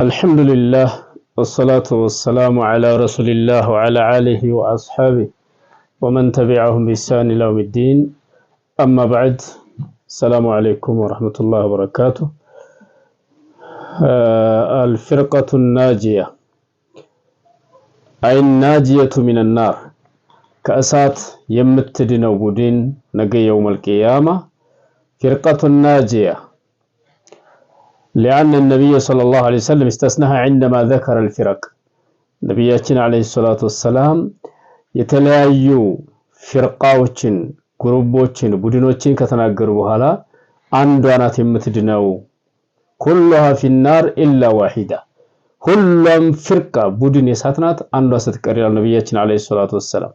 الحمد لله والصلاة والسلام على رسول الله وعلى آله وأصحابه ومن تبعهم بإحسان إلى يوم الدين أما بعد السلام عليكم ورحمة الله وبركاته آه الفرقة الناجية أي الناجية من النار كأسات يمتدن ودين نقي يوم القيامة فرقة الناجية ሊአነ ነቢይ ሰለላሁ ዐለይሂ ወሰለም ኢስተስነሀ ዐንደማ ዘከረ አልፊረቅ ነቢያችን ዐለይሂ ሰላቱ ወሰላም የተለያዩ ፊርቃዎችን፣ ጉሩቦችን፣ ቡድኖችን ከተናገሩ በኋላ አንዷ ናት የምትድነው። ኩሉሃ ፊናር ኢላ ዋሂዳ ሁሉም ፍርቃ ቡድን የሳት ናት፣ አንዷ ስትቀር ይላል ነቢያችን ዐለይሂ ሰላቱ ወሰላም።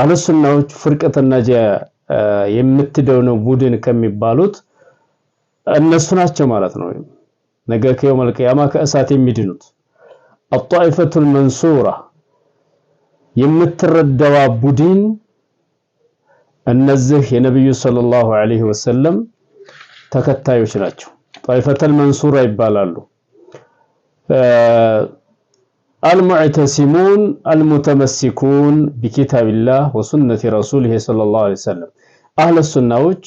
አህለሱናዎች ፍርቀትና ጀ የምትደው ነው ቡድን ከሚባሉት እነሱ ናቸው ማለት ነው። ነገ ከየውመል ቂያማ ከእሳት የሚድኑት አጣኢፈቱል መንሱራ የምትረዳዋ ቡድን እነዚህ የነብዩ ሰለላሁ ዐለይሂ ወሰለም ተከታዮች ናቸው። ጣኢፈተል መንሱራ ይባላሉ። አልሙዕተሲሙን አልሙተመሲኩን ቢኪታቢላህ ወሱነቲ ረሱሊሂ ሰለላሁ ዐለይሂ ወሰለም አህለ ሱናዎች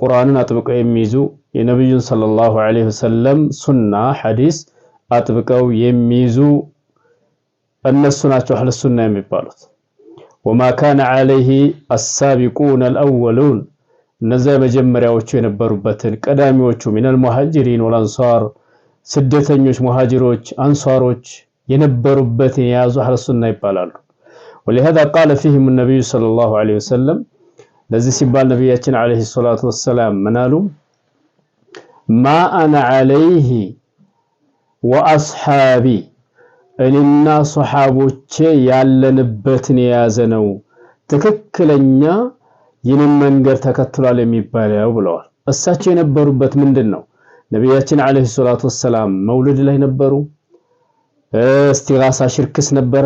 ቁርአንን አጥብቀው የሚይዙ የነቢዩን ሰለላሁ ዐለይሂ ወሰለም ሱና ሐዲስ አጥብቀው የሚይዙ እነሱ ናቸው አህለ ሱና የሚባሉት። ወማ ካነ ዐለይሂ አሳቢቁን አልአወሉን እነዚያ የመጀመሪያዎቹ የነበሩበትን ቀዳሚዎቹ ሚነል ሙሃጅሪን ወልአንሷር ስደተኞች፣ ሙሃጅሮች፣ አንሷሮች የነበሩበትን የያዙ አህለ ሱና ይባላሉ። ወሊሃዛ ቃለ ፊህም ነቢዩ ሰለላሁ ዐለይሂ ወሰለም ለዚህ ሲባል ነቢያችን ዐለይሂ ሰላቱ ወሰላም ምን ምናሉ ማ አነ ዓለይህ ወአስሓቢ እኔና ሰሓቦቼ ያለንበትን የያዘ ነው ትክክለኛ ይህንን መንገድ ተከትሏል የሚባለው ብለዋል። እሳቸው የነበሩበት ምንድን ነው? ነቢያችን ዓለይሂ ሰላቱ ወሰላም መውልድ ላይ ነበሩ። እስቲራሳ ሽርክስ ነበረ፣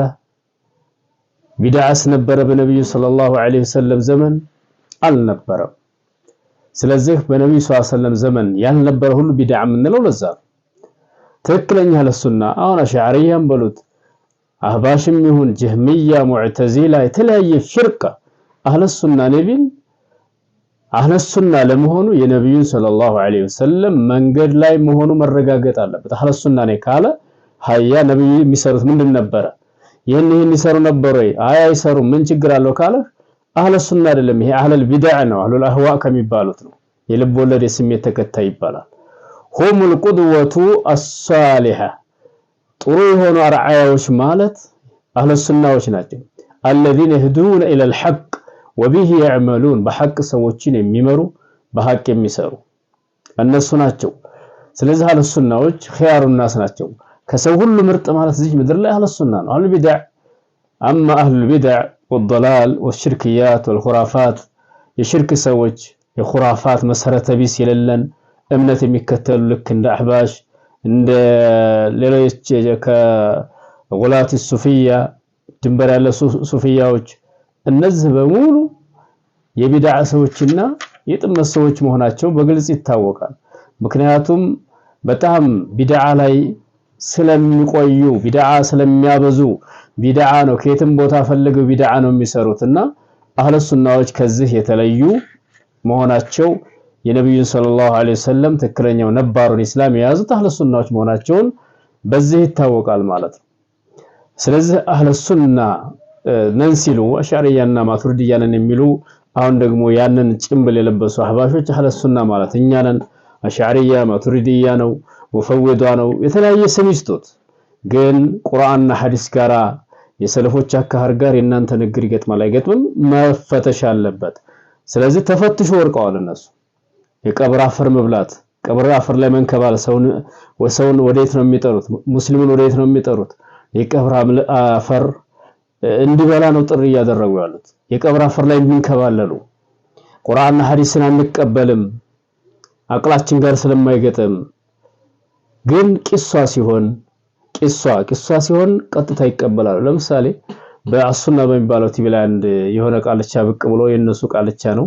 ቢድዓስ ነበረ። በነቢዩ ሰለላሁ ዓለይሂ ወሰለም ዘመን አልነበረም። ስለዚህ በነቢዩ ሰለላሁ ዐለይሂ ወሰለም ዘመን ያልነበረ ሁሉ ቢድዓ የምንለው ለዛ ነው። ትክክለኛ ለሱና አሁን አሻዕርያም በሉት አህባሽም ይሁን ጀህሚያ፣ ሙዕተዚላ የተለያየ ፊርቃ አህለሱና ነቢን አህለሱና ለመሆኑ የነቢዩን ሰለላሁ ዐለይሂ ወሰለም መንገድ ላይ መሆኑ መረጋገጥ አለበት። አህለሱና ነኝ ካለ ሀያ ነቢዩ የሚሰሩት ምንድን ነበረ? ይህን ይህን ይሰሩ ነበር ወይ? አይ አይሰሩም። ምን ችግር አለው ካለ አህለ ሱና አይደለም ይሄ አህለል ቢዳዕ ነው። አህለል አህዋ ከሚባሉት ነው። የልብ ወለድ የስሜት ተከታይ ይባላል። ሁሙል ቁድወቱ አሳሊሐ ጥሩ የሆኑ አርአያዎች ማለት አህለ ሱናዎች ናቸው። አለዚነ የህዱነ ኢለል ሐቅ ወቢሂ የዕመሉን በሐቅ ሰዎችን የሚመሩ በሐቅ የሚሰሩ እነሱ ናቸው። ስለዚህ አህለ ሱናዎች ኺያሩ ናስ ናቸው። ከሰው ሁሉ ምርጥ ማለት እዚህ ምድር ላይ አህለ ሱና ነው። አህለል ቢዳዕ አማ አህሉል ቢድዕ ወደላል ወሽርክያት ወልኹራፋት የሽርክ ሰዎች የኹራፋት መሰረተ ቢስ የሌለን እምነት የሚከተሉ ልክ እንደ አሕባሽ እንደ ሌሎች ከጉላት ሱፍያ ድንበር ያለ ሱፍያዎች እነዚህ በሙሉ የቢድዓ ሰዎችና የጥመት ሰዎች መሆናቸው በግልጽ ይታወቃል። ምክንያቱም በጣም ቢድዓ ላይ ስለሚቆዩ ቢድዓ ስለሚያበዙ ቢድዓ ነው። ከየትም ቦታ ፈልገው ቢድዓ ነው የሚሰሩትና አህለ ሱናዎች ከዚህ የተለዩ መሆናቸው የነቢዩን ሰለላሁ ዐለይሂ ወሰለም ትክክለኛው ነባሩን ኢስላም የያዙት አህለ ሱናዎች መሆናቸውን በዚህ ይታወቃል ማለት ነው። ስለዚህ አህለ ሱና ነን ሲሉ አሻዕሪያና ማቱሪድያ ነን የሚሉ አሁን ደግሞ ያንን ጭምብል የለበሱ አህባሾች አህለ ሱና ማለት እኛ ነን። አሻዕሪያ ነው ወፈወዷ ነው። የተለያየ ስም ይስጡት። ግን ቁርአንና ሐዲስ ጋራ የሰለፎች አካሃር ጋር የእናንተ ንግር ይገጥማል አይገጥምም መፈተሽ አለበት። ስለዚህ ተፈትሾ ወርቀዋል እነሱ። የቀብር አፈር መብላት፣ ቀብር አፈር ላይ መንከባል፣ ሰውን ወዴት ነው የሚጠሩት? ሙስሊሙን ወዴት ነው የሚጠሩት? የቀብር አፈር እንዲበላ ነው ጥሪ እያደረጉ ያሉት። የቀብር አፈር ላይ እንንከባለሉ፣ ቁርአንና ሐዲስን አንቀበልም፣ አቅላችን ጋር ስለማይገጥም ግን ቂሷ ሲሆን ቂሷ ቂሷ ሲሆን ቀጥታ ይቀበላሉ። ለምሳሌ በአሱና በሚባለው ቲቪ ላይ አንድ የሆነ ቃልቻ ብቅ ብሎ የእነሱ ቃልቻ ነው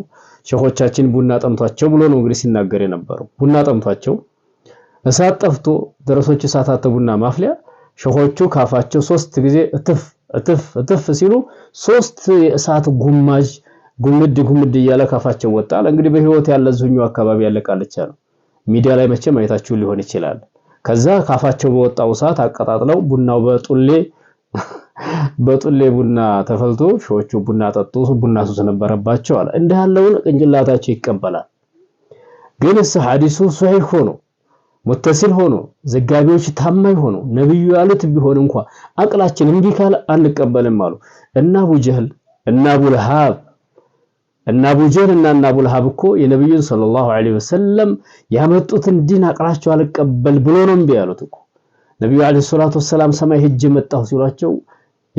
ሸሆቻችን ቡና ጠምቷቸው ብሎ ነው እንግዲህ ሲናገር የነበረው። ቡና ጠምቷቸው እሳት ጠፍቶ ደረሶች እሳታተ ቡና ማፍሊያ ሸሆቹ ካፋቸው ሶስት ጊዜ እትፍ እትፍ እትፍ ሲሉ ሶስት የእሳት ጉማጅ ጉምድ ጉምድ እያለ ካፋቸው ወጣል። እንግዲህ በህይወት ያለ ዝኙ አካባቢ ያለ ቃልቻ ነው። ሚዲያ ላይ መቼም አይታችሁ ሊሆን ይችላል። ከዛ ካፋቸው በወጣው እሳት አቀጣጥለው ቡናው በጡሌ በጡሌ ቡና ተፈልቶ ሾዎቹ ቡና ጠጡ። ቡና ሱስ ነበረባቸው አለ። እንዲህ ያለውን ቅንጭላታቸው ይቀበላል። ግን እስ ሐዲሱ ሶሒህ ሆኖ ሙተሲል ሆኖ ዘጋቢዎች ታማኝ ሆኖ ነብዩ ያሉት ቢሆን እንኳ አቅላችን እንዲህ ካለ አንቀበልም አሉ እና አቡ ጀህል እና አቡ ለሃብ እና አቡጀህል እና እና አቡልሃብ እኮ የነብዩን ሰለላሁ ዐለይሂ ወሰለም ያመጡትን ዲን አቅራቸው አልቀበል ብሎ ነው እምቢ ያሉት እኮ። ነብዩ ዐለይሂ ሰላቱ ወሰላም ሰማይ ሄጄ መጣሁ ሲሏቸው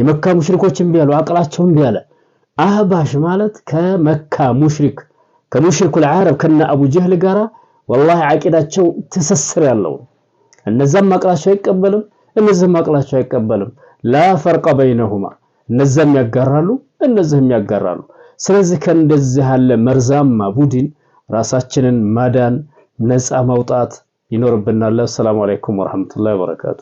የመካ ሙሽሪኮች እምቢ አሉ፣ አቅላቸው እምቢ አህባሽ ማለት ከመካ ሙሽሪክ ከሙሽሪኩል ዓረብ ከነ አቡጀህል ጋራ ወላሂ አቂዳቸው ትስስር ያለው እነዛም አቅላቸው አይቀበልም፣ እነዚህም አቅላቸው አይቀበልም። ላ ፈርቀ በይነሁማ እነዛም ያጋራሉ፣ እነዚህም ያጋራሉ። ስለዚህ ከእንደዚህ ያለ መርዛማ ቡድን ራሳችንን ማዳን ነፃ መውጣት ይኖርብናል። ሰላም አለይኩም ወራህመቱላሂ ወበረካቱ።